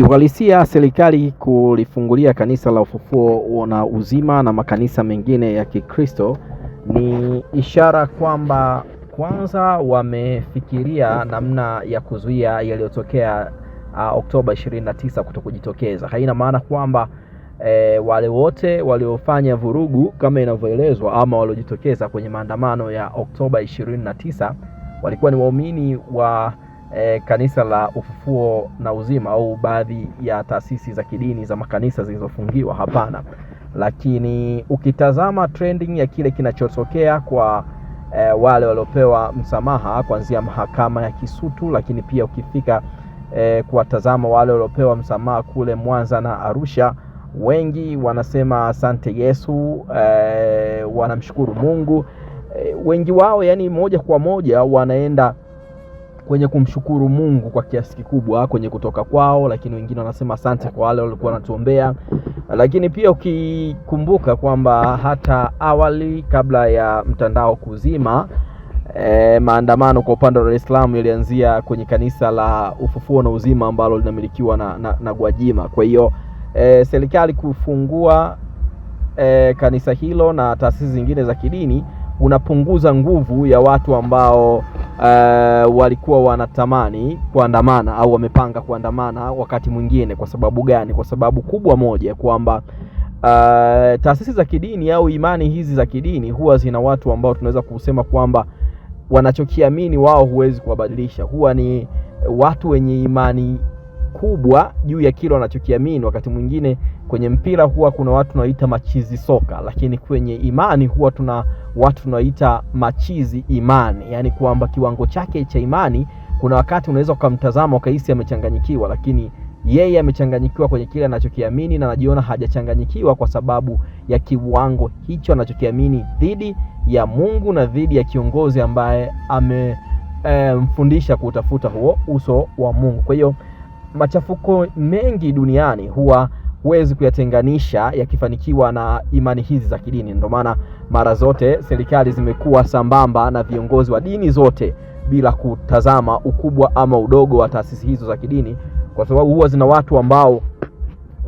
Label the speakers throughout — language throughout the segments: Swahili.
Speaker 1: Kiuhalisia, serikali kulifungulia kanisa la Ufufuo na Uzima na makanisa mengine ya Kikristo ni ishara kwamba kwanza wamefikiria namna ya kuzuia yaliyotokea uh, Oktoba 29 kutokujitokeza. Haina maana kwamba E, wale wote waliofanya vurugu kama inavyoelezwa ama waliojitokeza kwenye maandamano ya Oktoba 29 walikuwa ni waumini wa e, kanisa la Ufufuo na Uzima au baadhi ya taasisi za kidini za makanisa zilizofungiwa. Hapana, lakini ukitazama trending ya kile kinachotokea kwa e, wale waliopewa msamaha kuanzia mahakama ya Kisutu, lakini pia ukifika e, kuwatazama wale waliopewa msamaha kule Mwanza na Arusha, wengi wanasema asante Yesu, e, wanamshukuru Mungu. E, wengi wao yani moja kwa moja wanaenda kwenye kumshukuru Mungu kwa kiasi kikubwa kwenye kutoka kwao, lakini wengine wanasema asante kwa wale walikuwa wanatuombea. Lakini pia ukikumbuka kwamba hata awali kabla ya mtandao kuzima, E, maandamano kwa upande wa Dar es Salaam yalianzia kwenye kanisa la Ufufuo na Uzima ambalo linamilikiwa na, na, na Gwajima. Kwa hiyo e, serikali kufungua e, kanisa hilo na taasisi zingine za kidini unapunguza nguvu ya watu ambao uh, walikuwa wanatamani kuandamana au wamepanga kuandamana wakati mwingine. Kwa sababu gani? Kwa sababu kubwa moja kwamba uh, taasisi za kidini au imani hizi za kidini huwa zina watu ambao tunaweza kusema kwamba wanachokiamini wao huwezi kuwabadilisha, huwa ni watu wenye imani kubwa juu ya kile wanachokiamini. Wakati mwingine kwenye mpira huwa kuna watu tunaoita machizi soka, lakini kwenye imani huwa tuna watu tunaita machizi imani, yaani kwamba kiwango chake cha imani, kuna wakati unaweza ukamtazama ukahisi amechanganyikiwa, lakini yeye amechanganyikiwa kwenye kile anachokiamini na anajiona hajachanganyikiwa kwa sababu ya kiwango hicho anachokiamini dhidi ya Mungu na dhidi ya kiongozi ambaye amemfundisha e, kutafuta huo uso wa Mungu. Kwa hiyo machafuko mengi duniani huwa huwezi kuyatenganisha yakifanikiwa na imani hizi za kidini. Ndio maana mara zote serikali zimekuwa sambamba na viongozi wa dini zote bila kutazama ukubwa ama udogo wa taasisi hizo za kidini, kwa sababu huwa zina watu ambao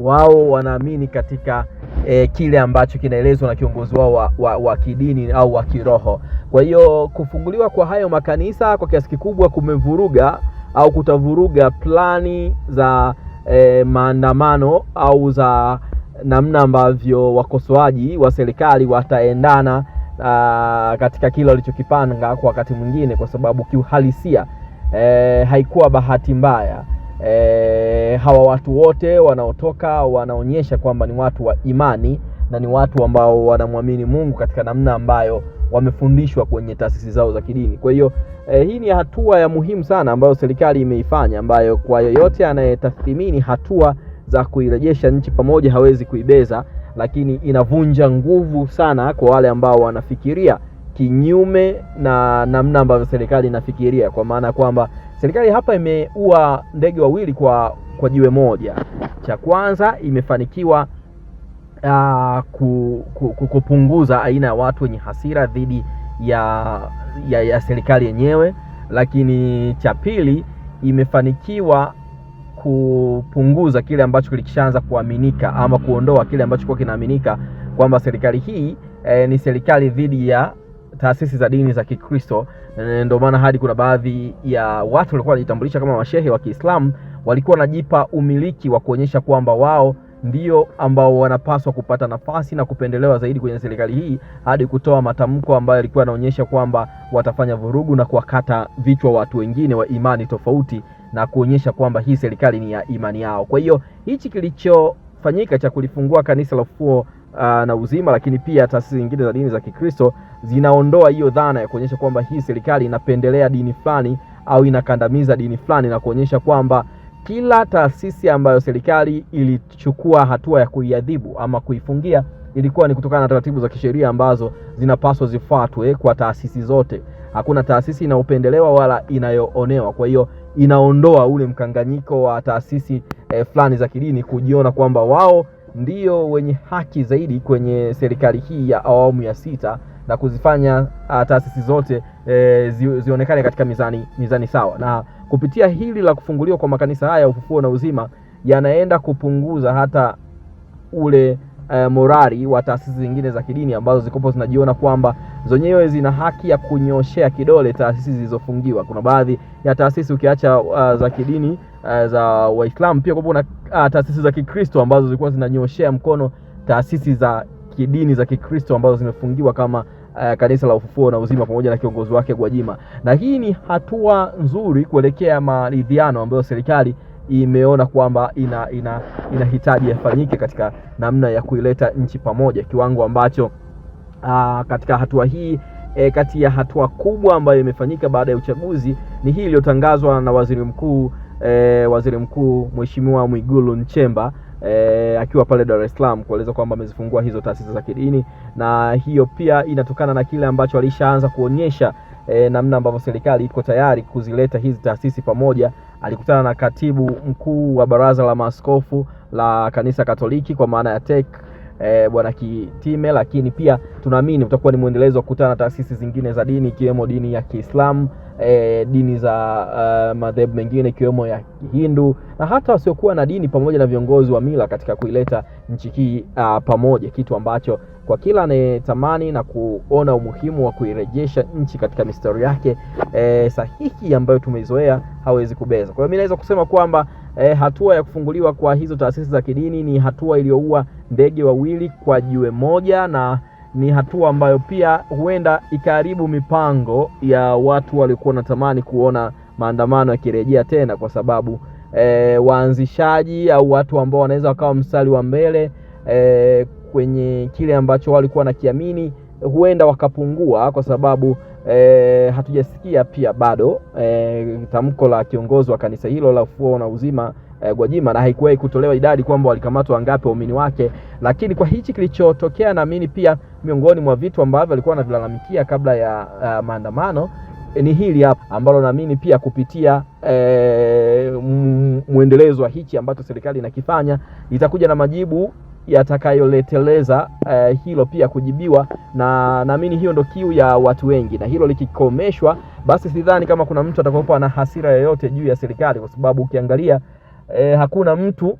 Speaker 1: wao wanaamini katika E, kile ambacho kinaelezwa na kiongozi wao wa, wa, wa kidini au wa kiroho. Kwa hiyo kufunguliwa kwa hayo makanisa kwa kiasi kikubwa kumevuruga au kutavuruga plani za e, maandamano au za namna ambavyo wakosoaji wa serikali wataendana a, ah, katika kile walichokipanga kwa wakati mwingine, kwa sababu kiuhalisia e, haikuwa bahati mbaya. E, hawa watu wote wanaotoka wanaonyesha kwamba ni watu wa imani na ni watu ambao wanamwamini Mungu katika namna ambayo wamefundishwa kwenye taasisi zao za kidini. Kwa hiyo eh, hii ni hatua ya muhimu sana ambayo serikali imeifanya, ambayo kwa yoyote anayetathmini hatua za kuirejesha nchi pamoja hawezi kuibeza, lakini inavunja nguvu sana kwa wale ambao wanafikiria kinyume na namna ambavyo serikali inafikiria, kwa maana ya kwamba serikali hapa imeua ndege wawili kwa, kwa jiwe moja. Cha kwanza imefanikiwa uh, ku, ku, kupunguza aina ya watu wenye hasira dhidi ya, ya, ya serikali yenyewe, lakini cha pili imefanikiwa kupunguza kile ambacho kilikishaanza kuaminika ama kuondoa kile ambacho kwa kinaaminika kwamba serikali hii eh, ni serikali dhidi ya taasisi za dini za Kikristo. E, ndio maana hadi kuna baadhi ya watu walikuwa wanajitambulisha kama mashehe wa Kiislamu walikuwa wanajipa umiliki wa kuonyesha kwamba wao ndio ambao wanapaswa kupata nafasi na kupendelewa zaidi kwenye serikali hii, hadi kutoa matamko ambayo yalikuwa yanaonyesha kwamba watafanya vurugu na kuwakata vichwa watu wengine wa imani tofauti na kuonyesha kwamba hii serikali ni ya imani yao. Kwa hiyo hichi kilichofanyika cha kulifungua kanisa la Ufufuo uh, na Uzima, lakini pia taasisi zingine za dini za Kikristo zinaondoa hiyo dhana ya kuonyesha kwamba hii serikali inapendelea dini fulani au inakandamiza dini fulani na kuonyesha kwamba kila taasisi ambayo serikali ilichukua hatua ya kuiadhibu ama kuifungia ilikuwa ni kutokana na taratibu za kisheria ambazo zinapaswa zifuatwe kwa taasisi zote. Hakuna taasisi inayopendelewa wala inayoonewa. Kwa hiyo inaondoa ule mkanganyiko wa taasisi eh, fulani za kidini kujiona kwamba wao ndio wenye haki zaidi kwenye serikali hii ya awamu ya sita na kuzifanya ah, taasisi zote eh, zionekane katika mizani, mizani sawa na Kupitia hili la kufunguliwa kwa makanisa haya ufufuo na uzima, yanaenda kupunguza hata ule e, eh, morari wa taasisi zingine za kidini ambazo zikopo zinajiona kwamba zenyewe zina haki ya kunyoshea kidole taasisi zilizofungiwa. Kuna baadhi ya taasisi ukiacha uh, za kidini uh, za Waislamu pia kuna uh, ah, taasisi za Kikristo ambazo zilikuwa zinanyoshea mkono taasisi za kidini za Kikristo ambazo zimefungiwa kama uh, Kanisa la Ufufuo na Uzima pamoja na kiongozi wake Gwajima, na hii ni hatua nzuri kuelekea maridhiano ambayo serikali imeona kwamba ina, ina, inahitaji yafanyike katika namna ya kuileta nchi pamoja, kiwango ambacho uh, katika hatua hii e, kati ya hatua kubwa ambayo imefanyika baada ya uchaguzi ni hii iliyotangazwa na waziri mkuu e, waziri mkuu Mheshimiwa Mwigulu Nchemba eh, akiwa pale Dar es Salaam kueleza kwamba amezifungua hizo taasisi za kidini, na hiyo pia inatokana na kile ambacho alishaanza kuonyesha e, namna ambavyo serikali iko tayari kuzileta hizi taasisi pamoja. Alikutana na katibu mkuu wa baraza la maaskofu la kanisa Katoliki kwa maana ya TEC E, eh, Bwana Kitime, lakini pia tunaamini utakuwa ni mwendelezo wa kukutana na taasisi zingine za dini ikiwemo dini ya Kiislamu e, dini za uh, madhehebu mengine ikiwemo ya Kihindu na hata wasiokuwa na dini pamoja na viongozi wa mila katika kuileta nchi hii uh, pamoja, kitu ambacho kwa kila anayetamani na kuona umuhimu wa kuirejesha nchi katika mistari yake e, sahihi ambayo tumeizoea hawezi kubeza. Kwa hiyo mimi naweza kusema kwamba e, hatua ya kufunguliwa kwa hizo taasisi za kidini ni hatua iliyoua ndege wawili kwa jiwe moja na ni hatua ambayo pia huenda ikaharibu mipango ya watu waliokuwa wanatamani kuona maandamano yakirejea tena, kwa sababu e, waanzishaji au watu ambao wanaweza wakawa mstari wa mbele e, kwenye kile ambacho walikuwa kiamini huenda wakapungua, kwa sababu e, hatujasikia pia bado e, tamko la kiongozi wa kanisa hilo la Ufufuo na Uzima Eh, Gwajima na haikuwahi kutolewa idadi kwamba walikamatwa wangapi waumini wake, lakini kwa hichi kilichotokea, naamini pia miongoni mwa vitu ambavyo alikuwa anavilalamikia kabla ya uh, maandamano eh, ni hili hapa ambalo naamini pia kupitia e, mwendelezo wa hichi ambacho serikali inakifanya itakuja na majibu yatakayoleteleza e, hilo pia kujibiwa, na naamini hiyo ndo kiu ya watu wengi, na hilo likikomeshwa, basi sidhani kama kuna mtu atakayokuwa na hasira yoyote juu ya serikali, kwa sababu ukiangalia e, hakuna mtu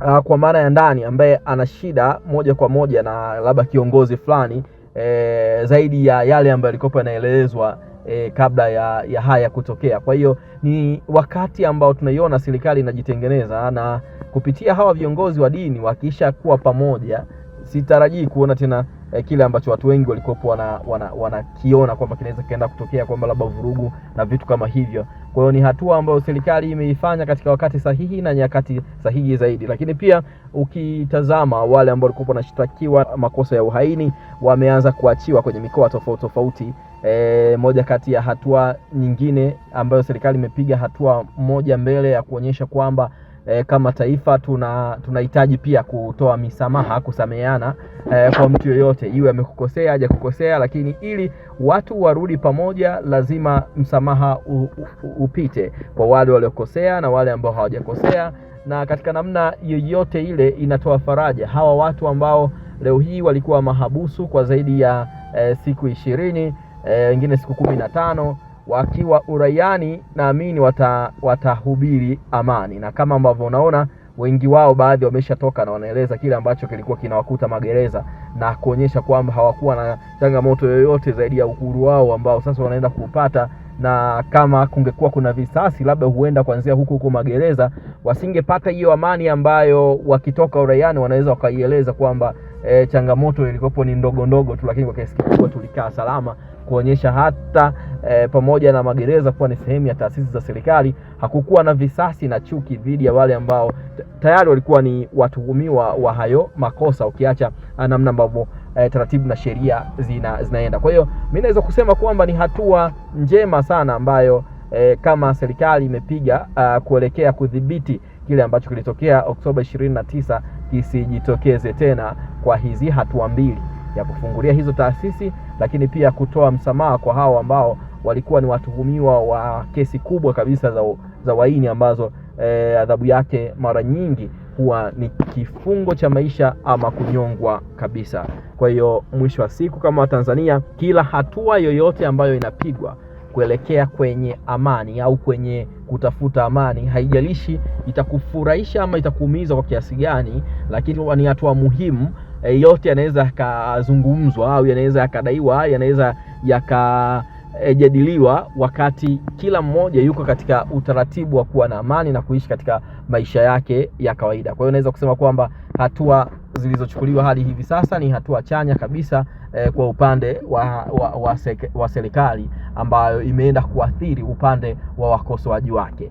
Speaker 1: a, ah, kwa maana ya ndani ambaye ana shida moja kwa moja na labda kiongozi fulani e, zaidi ya yale ambayo yalikuwa yanaelezwa e, kabla ya, ya haya kutokea. Kwa hiyo ni wakati ambao tunaiona serikali inajitengeneza na kupitia hawa viongozi wa dini wakisha kuwa pamoja sitarajii kuona tena eh, kile ambacho watu wengi walikuwa wanakiona wana, wana kwamba kinaweza kikaenda kutokea kwamba labda vurugu na vitu kama hivyo. Kwa hiyo ni hatua ambayo serikali imeifanya katika wakati sahihi na nyakati sahihi zaidi. Lakini pia ukitazama wale ambao walikuwa wanashtakiwa makosa ya uhaini wameanza kuachiwa kwenye mikoa tofauti tofauti. E, moja kati ya hatua nyingine ambayo serikali imepiga hatua moja mbele ya kuonyesha kwamba e, kama taifa tuna tunahitaji pia kutoa misamaha, kusameheana e, kwa mtu yoyote, iwe amekukosea kukosea, lakini ili watu warudi pamoja, lazima msamaha u, u, u, upite kwa wale waliokosea na wale ambao hawajakosea, na katika namna yoyote ile inatoa faraja hawa watu ambao leo hii walikuwa mahabusu kwa zaidi ya e, siku ishirini wengine e, siku kumi na tano wakiwa uraiani, naamini wata, watahubiri amani, na kama ambavyo unaona wengi wao baadhi wameshatoka na wanaeleza kile ambacho kilikuwa kinawakuta magereza na kuonyesha kwamba hawakuwa na changamoto yoyote zaidi ya uhuru wao ambao sasa wanaenda kuupata, na kama kungekuwa kuna visasi labda huenda kuanzia huko huko magereza wasingepata hiyo amani ambayo wakitoka uraiani wanaweza wakaieleza kwamba e, changamoto ilikopo ni ndogo ndogo tu, lakini kwa kiasi kikubwa tulikaa salama kuonyesha hata e, pamoja na magereza kuwa ni sehemu ya taasisi za serikali, hakukuwa na visasi na chuki dhidi ya wale ambao tayari walikuwa ni watuhumiwa wa hayo makosa, ukiacha ah, namna ambavyo e, taratibu na sheria zina, zinaenda. Kwa hiyo mimi naweza kusema kwamba ni hatua njema sana ambayo e, kama serikali imepiga ah, kuelekea kudhibiti kile ambacho kilitokea Oktoba 29 kisijitokeze tena kwa hizi hatua mbili ya kufungulia hizo taasisi, lakini pia kutoa msamaha kwa hao ambao walikuwa ni watuhumiwa wa kesi kubwa kabisa za, za waini ambazo e, adhabu yake mara nyingi huwa ni kifungo cha maisha ama kunyongwa kabisa. Kwa hiyo mwisho wa siku, kama Watanzania, kila hatua yoyote ambayo inapigwa kuelekea kwenye amani au kwenye kutafuta amani, haijalishi itakufurahisha ama itakuumiza kwa kiasi gani, lakini ni hatua muhimu e, yote yanaweza yakazungumzwa au yanaweza yakadaiwa, yanaweza yakajadiliwa, eh, wakati kila mmoja yuko katika utaratibu wa kuwa na amani na kuishi katika maisha yake ya kawaida. Kwa hiyo naweza kusema kwamba hatua zilizochukuliwa hadi hivi sasa ni hatua chanya kabisa eh, kwa upande wa, wa, wa, wa serikali ambayo imeenda kuathiri upande wa wakosoaji wake.